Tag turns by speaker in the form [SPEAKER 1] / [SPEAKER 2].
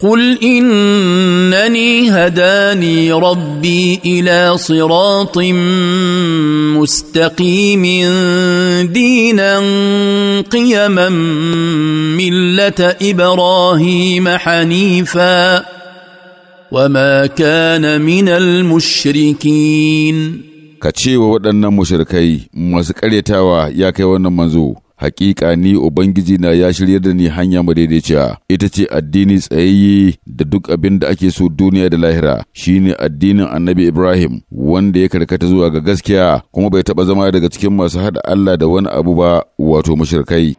[SPEAKER 1] قل انني هداني ربي الى صراط مستقيم دينا قيما مله ابراهيم حنيفا وما كان من المشركين
[SPEAKER 2] ka ce wa waɗannan mushrikai masu ƙaryatawa ya kai wannan manzo hakika ni Ubangiji na ya shirya da ni hanya madaidaiciya, ita ce addini tsayayye da duk abin da ake so duniya da lahira, shine addinin annabi Ibrahim, wanda ya karkata zuwa ga gaskiya kuma bai taɓa zama daga cikin masu haɗa Allah da wani abu ba
[SPEAKER 3] wato mashirkai.